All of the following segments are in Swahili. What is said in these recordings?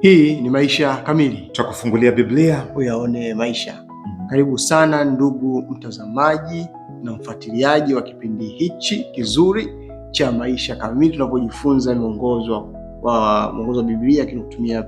Hii ni Maisha Kamili, tutakufungulia Biblia uyaone maisha. Karibu sana ndugu mtazamaji na mfuatiliaji wa kipindi hichi kizuri cha Maisha Kamili, tunapojifunza miongozo wa mwongozo wa Biblia kutumia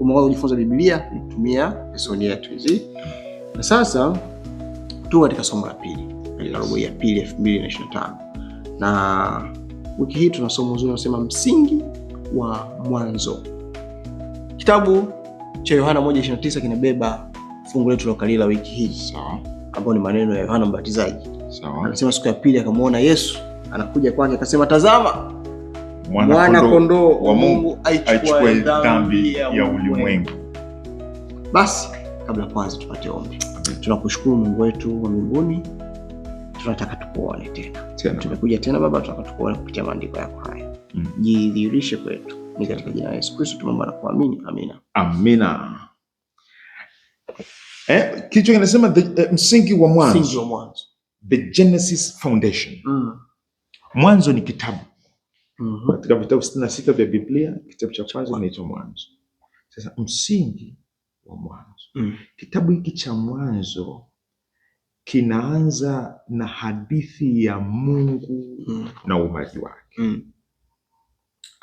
mwongozo kujifunza Biblia kutumia lesoni yetu hizi. Na sasa tu katika somo la pili la robo ya pili 2025 na wiki hii tuna somo zuri, tunasema msingi wa mwanzo Kitabu cha Yohana 1:29 kinabeba fungu letu la kalila wiki hii sawa, ambao ni maneno ya Yohana Mbatizaji. Sawa, anasema siku ya pili akamwona Yesu anakuja kwake, akasema tazama, mwana, mwana kondoo wa Mungu aichukue dhambi ya ulimwengu. Basi kabla kwanza tupate ombi. Tunakushukuru Mungu wetu wa mbinguni, tunataka tukuone tena, tumekuja tena Baba, tunataka tukuone kupitia maandiko yako haya, mm. jidhihirishe kwetu ni katika jina la Yesu Kristo tumeomba na kuamini. Amina. Amina. Eh, kichwa kinasema the, uh, msingi wa mwanzo. Msingi wa mwanzo. The Genesis Foundation. Mm. Mwanzo ni kitabu. Mm -hmm. Katika vitabu sitini na sita vya Biblia kitabu cha kwanza kinaitwa Mwanzo. Sasa msingi wa mwanzo. Mm. Kitabu hiki cha Mwanzo kinaanza na hadithi ya Mungu mm. na uumbaji wake. Mm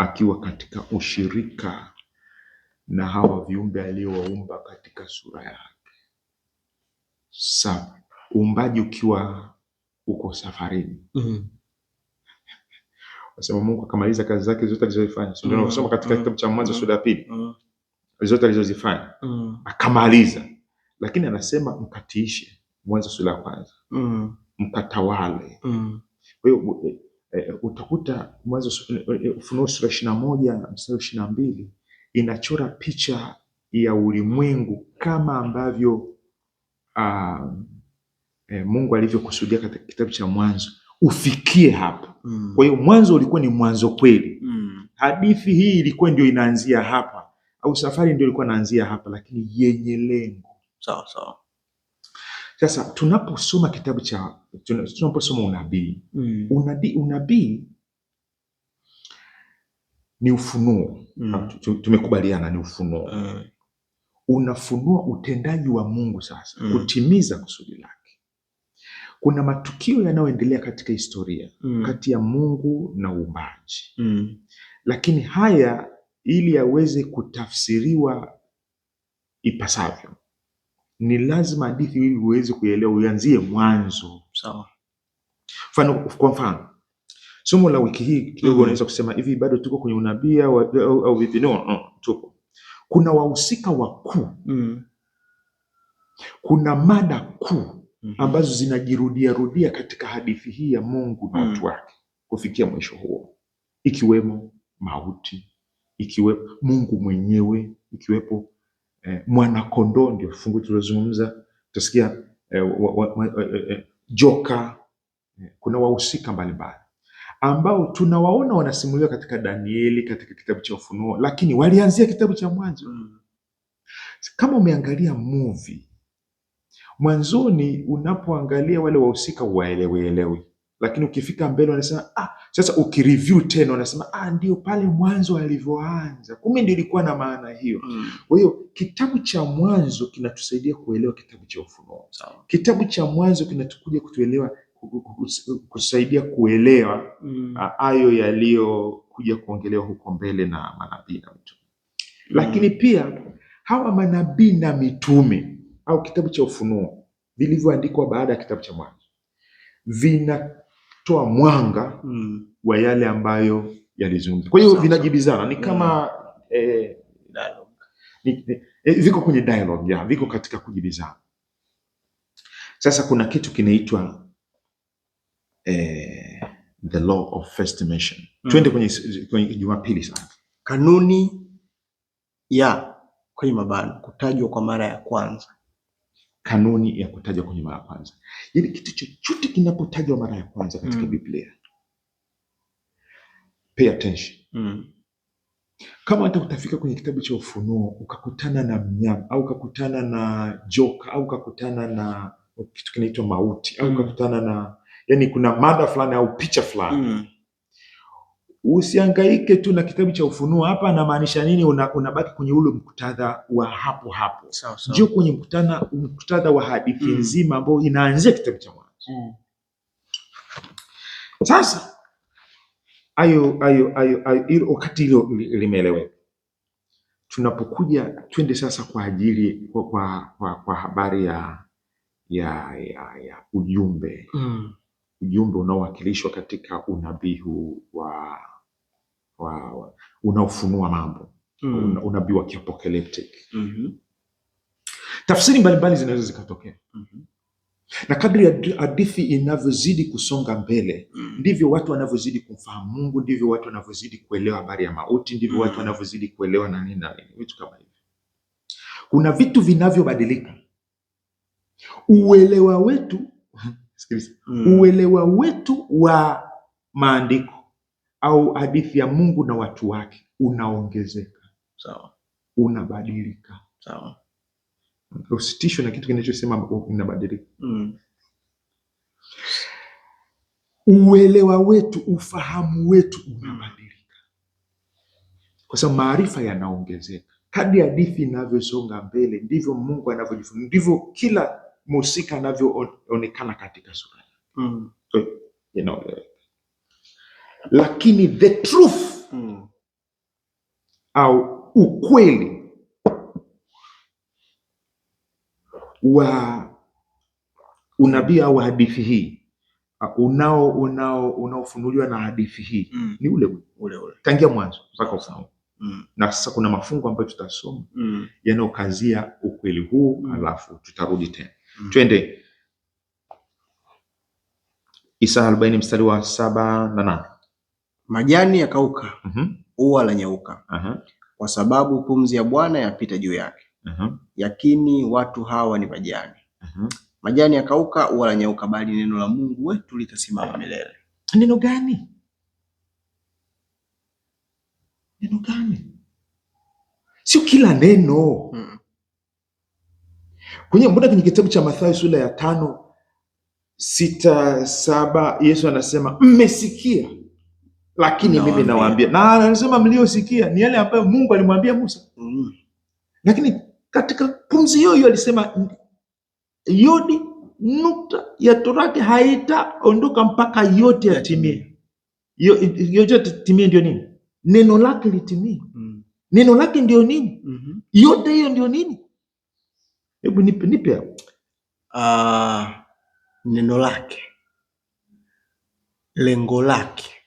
akiwa katika ushirika na hawa viumbe aliowaumba katika sura yake. Sawa, uumbaji ukiwa uko safarini mm -hmm. Mungu akamaliza kazi zake zote alizozifanya, sio mm-hmm. katika kitabu cha Mwanzo sura ya mm-hmm. pili mm-hmm. zote alizozifanya akamaliza, lakini anasema mkatiishe. Mwanzo sura ya kwanza mkatawale. Kwa hiyo eh, utakuta mwanzo eh, eh, eh, Ufunuo sura ishirini na moja mstari ishirini na mbili inachora picha ya ulimwengu kama ambavyo uh, eh, Mungu alivyokusudia katika kitabu cha Mwanzo ufikie hapa mm. Kwa hiyo mwanzo ulikuwa ni mwanzo kweli mm. Hadithi hii ilikuwa ndio inaanzia hapa au safari ndio ilikuwa inaanzia hapa, lakini yenye lengo sawa sawa sasa tunaposoma kitabu cha tunaposoma unabii mm. unabii unabii ni ufunuo mm. tumekubaliana ni ufunuo mm. unafunua utendaji wa Mungu sasa mm. kutimiza kusudi lake. Kuna matukio yanayoendelea katika historia mm. kati ya Mungu na uumbaji mm. lakini haya ili yaweze kutafsiriwa ipasavyo ni lazima hadithi ili uweze kuielewa uanzie mwanzo, sawa. Mfano, kwa mfano somo la wiki hii kidogo, mm-hmm. unaweza kusema hivi, bado tuko kwenye unabii au vipi? No, no, tupo. Kuna wahusika wakuu mm. kuna mada kuu mm -hmm. ambazo zinajirudia rudia katika hadithi hii ya Mungu na watu mm. wake kufikia mwisho huo, ikiwemo mauti, ikiwepo Mungu mwenyewe, ikiwepo eh, mwanakondoo ndio fungu tuliozungumza. Utasikia eh eh, eh, eh, joka eh, kuna wahusika mbalimbali ambao tunawaona wanasimuliwa katika Danieli, katika kitabu cha Ufunuo, lakini walianzia kitabu cha Mwanzo. Mm. Kama umeangalia movie mwanzoni, unapoangalia wale wahusika waelewielewi lakini ukifika mbele wanasema ah, sasa ukireview tena wanasema ah, ndio pale mwanzo alivyoanza, kumbe ndio ilikuwa na maana hiyo. Mm. Kwa hiyo mm. kitabu cha Mwanzo kinatusaidia kuelewa kitabu cha Ufunuo. Kitabu cha Mwanzo kinatukuja kutuelewa kusaidia kuelewa mm. hayo yaliyokuja kuongelewa huko mbele na manabii na mitume, lakini mm. pia hawa manabii na mitume au kitabu cha Ufunuo vilivyoandikwa baada ya kitabu cha Mwanzo vina kutoa mwanga mm. wa yale ambayo yalizungumza. Kwa hiyo vinajibizana ni kama mm. eh, ni, ni, eh, viko kwenye dialogue ya viko katika kujibizana. Sasa kuna kitu kinaitwa eh, the law of first mention mm. Twende kwenye, kwenye Jumapili sana, kanuni ya kwenye mabano kutajwa kwa mara ya kwanza kanuni ya kutajwa kwenye mara ya kwanza. Yaani kitu chochote kinapotajwa mara ya kwanza katika mm. Biblia, pay attention mm. Kama hata utafika kwenye kitabu cha Ufunuo ukakutana na mnyama au ukakutana na joka au ukakutana na kitu kinaitwa mauti au mm. ukakutana na yani, kuna mada fulani au picha fulani mm usiangaike tu na kitabu cha Ufunuo. Hapa anamaanisha nini? Unabaki una kwenye ule mkutadha wa hapo hapo, njio kwenye mkutadha wa hadithi mm. nzima ambayo inaanzia kitabu cha Mwanzo mm. Sasa ayo ayo ayo ayo wakati hilo limeeleweka, tunapokuja twende sasa kwa ajili kwa, kwa, kwa, kwa habari ya ya ya, ya ujumbe mm. ujumbe unaowakilishwa katika unabii wa wa, unaofunua mambo mm. unabii wa apocalyptic mm -hmm. Tafsiri mbalimbali zinaweza zikatokea mm -hmm. na kadri hadithi inavyozidi kusonga mbele mm. ndivyo watu wanavyozidi kumfahamu Mungu, ndivyo watu wanavyozidi kuelewa habari ya mauti, ndivyo mm. watu wanavyozidi kuelewa na nini na nini, vitu kama hivyo. Kuna vitu vinavyobadilika uelewa wetu mm. uelewa wetu wa maandiko au hadithi ya Mungu na watu wake unaongezeka, sawa, unabadilika, sawa. Usitishwe na kitu kinachosema inabadilika. Mm. Uelewa wetu, ufahamu wetu unabadilika, kwa sababu maarifa yanaongezeka kadri hadithi inavyosonga mbele, ndivyo Mungu anavyojifunua, ndivyo kila mhusika anavyoonekana katika sura mm. so, you know, lakini the truth mm. au ukweli wa unabii au hadithi hii unao unao unaofunuliwa na hadithi hii mm. ni ule ule ule tangia mwanzo mpaka ufunuo mm. na sasa kuna mafungo ambayo tutasoma mm. yanayokazia ukweli huu mm. alafu tutarudi tena mm. twende Isaya 40 mstari wa saba na nane majani yakauka, mm-hmm. la nyauka, uh-huh. kwa sababu pumzi ya Bwana yapita juu yake, uh-huh. yakini watu hawa ni majani, uh-huh. majani yakauka, huwa la nyauka, bali neno la Mungu wetu litasimama milele. Neno gani? Neno gani? Sio kila neno hmm. kwenye mbona, kwenye kitabu cha Mathayo sura ya tano sita saba Yesu anasema mmesikia lakini na mimi nawaambia, na anasema mliosikia ni yale ambayo Mungu alimwambia Musa. Mm. Lakini katika pumzi hiyo hiyo alisema yodi nukta ya torati haitaondoka mpaka yote yatimie. Yote timie ndio nini? Neno lake litimie. Mm. Neno lake ndio nini? Mm -hmm. Yote hiyo ndio nini? Hebu nipe nipe hapo. Uh, neno lake, lengo lake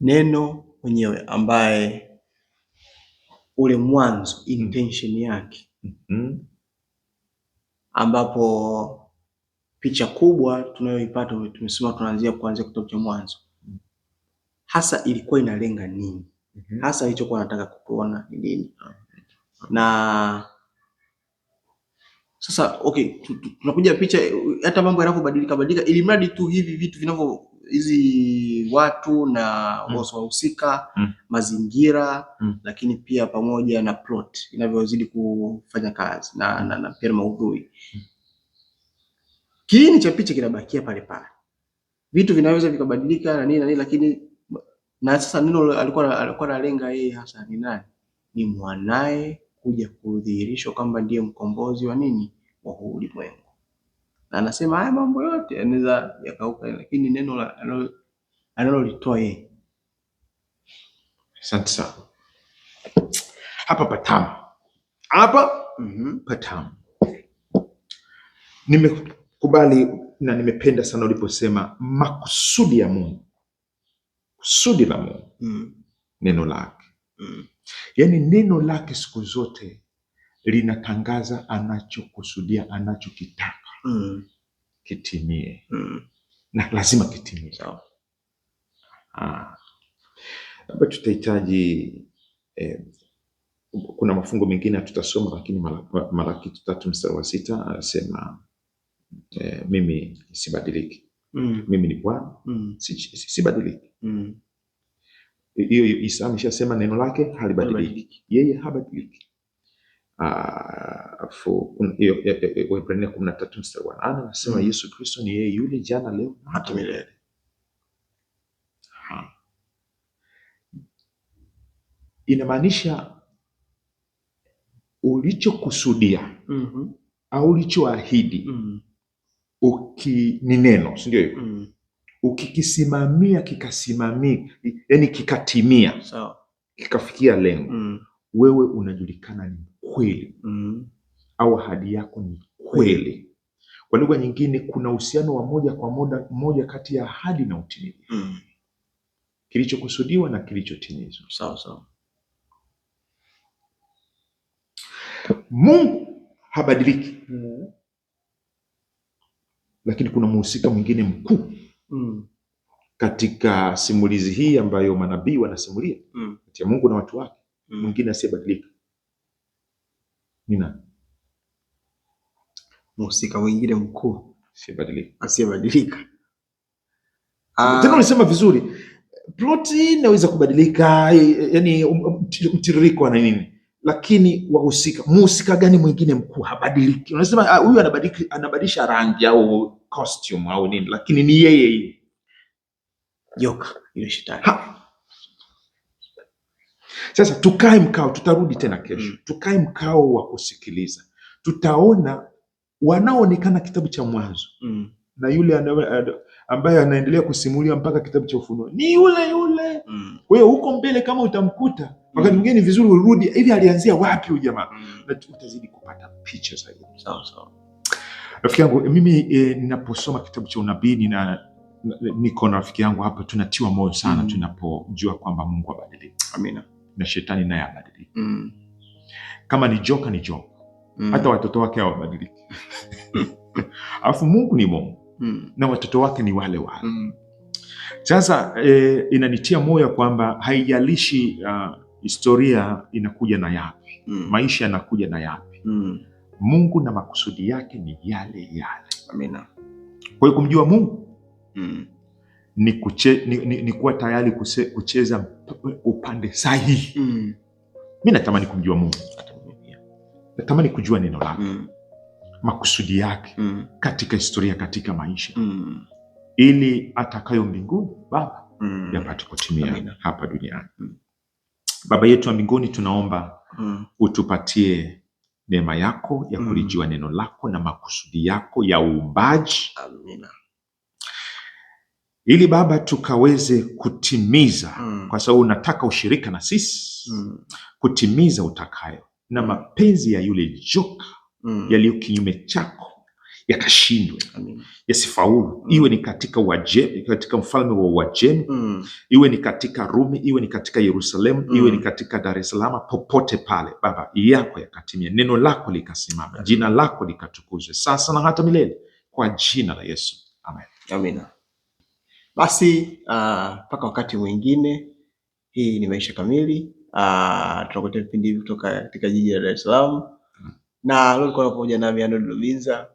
neno mwenyewe ambaye ule mwanzo intention yake mm -hmm. ambapo picha kubwa tunayoipata tumesema, tunaanzia kuanzia kitabu cha Mwanzo, hasa ilikuwa inalenga nini? Mm-hmm. hasa ilichokuwa nataka kukuona ni nini? Ah, na sasa okay, tunakuja picha, hata mambo yanavyobadilika badilika, ili mradi tu hivi vitu vinavyo hizi watu na mm. wahusika mm. mazingira mm. lakini pia pamoja na plot inavyozidi kufanya kazi na, na, na pia maudhui mm. kiini cha picha kinabakia pale pale, vitu vinaweza vikabadilika na nini na nini, lakini na sasa neno alikuwa alikuwa analenga yeye hasa ni nani? Ni mwanaye kuja kudhihirishwa kwamba ndiye mkombozi wa nini wa ulimwengu na anasema haya mambo yote yanaweza yakauka, lakini neno analolitoa yeye. Asante sana. Hapa patamu hapa, mm -hmm, patamu. Nimekubali na nimependa sana uliposema makusudi ya Mungu, kusudi la Mungu mm. neno lake mm. yaani neno lake siku zote linatangaza anachokusudia, anachokitaka mm. kitimie mm. na lazima kitimie so. Ah. Labda tutahitaji eh, kuna mafungo mengine hatutasoma, lakini Malaki tatu mstari wa sita anasema eh, mimi sibadiliki mm. mimi ni Bwana mm. sibadiliki hmm. hiyo mm. Isaya ameshasema neno lake halibadiliki, yeye habadiliki Ah, Waibrania kumi na tatu mstari wa nane anasema mm. Yesu Kristo ni yeye yule jana leo na hata milele. Inamaanisha ulichokusudia mm -hmm. au ulichoahidi mm -hmm. ni neno, si ndio hivyo? mm -hmm. Ukikisimamia kikasimamia, yani kikatimia, so. kikafikia lengo mm -hmm. wewe unajulikana ni kweli mm. au ahadi yako ni kweli. Kwa lugha nyingine, kuna uhusiano wa moja kwa moja, moja kati ya ahadi na utimilifu mm. kilichokusudiwa na kilichotimizwa. Sawa sawa. Mungu habadiliki mm. lakini kuna mhusika mwingine mkuu mm. katika simulizi hii ambayo manabii wanasimulia mm. kati ya Mungu na watu wake, mm. mwingine mm. asiyebadilika nina mhusika wengine mkuu asiyebadilika. Ah. Ah. Tena ulisema vizuri, ploti inaweza kubadilika, eh, eh, yani um, um, mtiririko na nini, lakini wahusika, mhusika gani mwingine mkuu habadiliki? Unasema ah, huyu anabadilisha rangi au costume au nini, lakini ni yeye yeye joka shetani sasa tukae mkao, tutarudi tena mm. kesho, tukae mkao wa kusikiliza, tutaona wanaoonekana kitabu cha Mwanzo mm. na yule ambaye anaendelea kusimulia mpaka kitabu cha Ufunuo ni yule yule mm. kwa hiyo huko mbele kama utamkuta mm. wakati mwingine ni vizuri urudi hivi, alianzia wapi huyu jamaa mm. na utazidi kupata picha zaidi. Sawa sawa, rafiki yangu mimi e, ninaposoma kitabu cha unabii nina niko na rafiki yangu hapa, tunatiwa moyo sana mm. tunapojua kwamba Mungu abadilika. Amina na shetani naye abadiliki. mm. kama ni joka ni joka mm. hata watoto wake hawabadiliki alafu Mungu ni Mungu mm. na watoto wake ni wale wale mm. sasa e, inanitia moyo kwamba haijalishi uh, historia inakuja na yapi mm. maisha yanakuja na yapi mm. Mungu na makusudi yake ni yale yale. Amina. Kwa hiyo kumjua Mungu mm ni, kuche, ni, ni, ni kuwa tayari kuse, kucheza upande sahihi mm. Mi natamani kumjua Mungu, natamani kujua neno lake mm. makusudi yake mm. katika historia, katika maisha mm. ili atakayo mbinguni Baba mm. yapate kutimia hapa duniani mm. Baba yetu wa mbinguni, tunaomba mm. utupatie neema yako ya hmm. kulijua mm. neno lako na makusudi yako ya uumbaji Amina ili Baba tukaweze kutimiza mm. kwa sababu unataka ushirika na sisi mm. kutimiza utakayo na mapenzi ya yule joka mm. yaliyo kinyume chako yakashindwe yasifaulu mm. iwe ni katika Uajemi, katika mfalme wa Uajemi mm. iwe ni katika Rumi, iwe ni katika Yerusalemu mm. iwe ni mm. katika Dar es Salaam, popote pale Baba yako yakatimia, neno lako likasimama, jina lako likatukuzwe sasa na hata milele, kwa jina la Yesu amen, amen. Basi ah, mpaka wakati mwingine, hii ni Maisha Kamili. Ah, tunakuletea vipindi hivi kutoka katika jiji la Dar es Salaam, na leo niko pamoja na Miano Lubinza,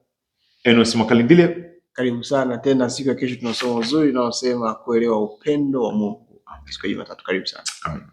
Enos Makalindile. Karibu sana tena, siku ya kesho tunasoma uzuri unaosema kuelewa upendo wa Mungu siku ya Jumatatu. Karibu sana Amen.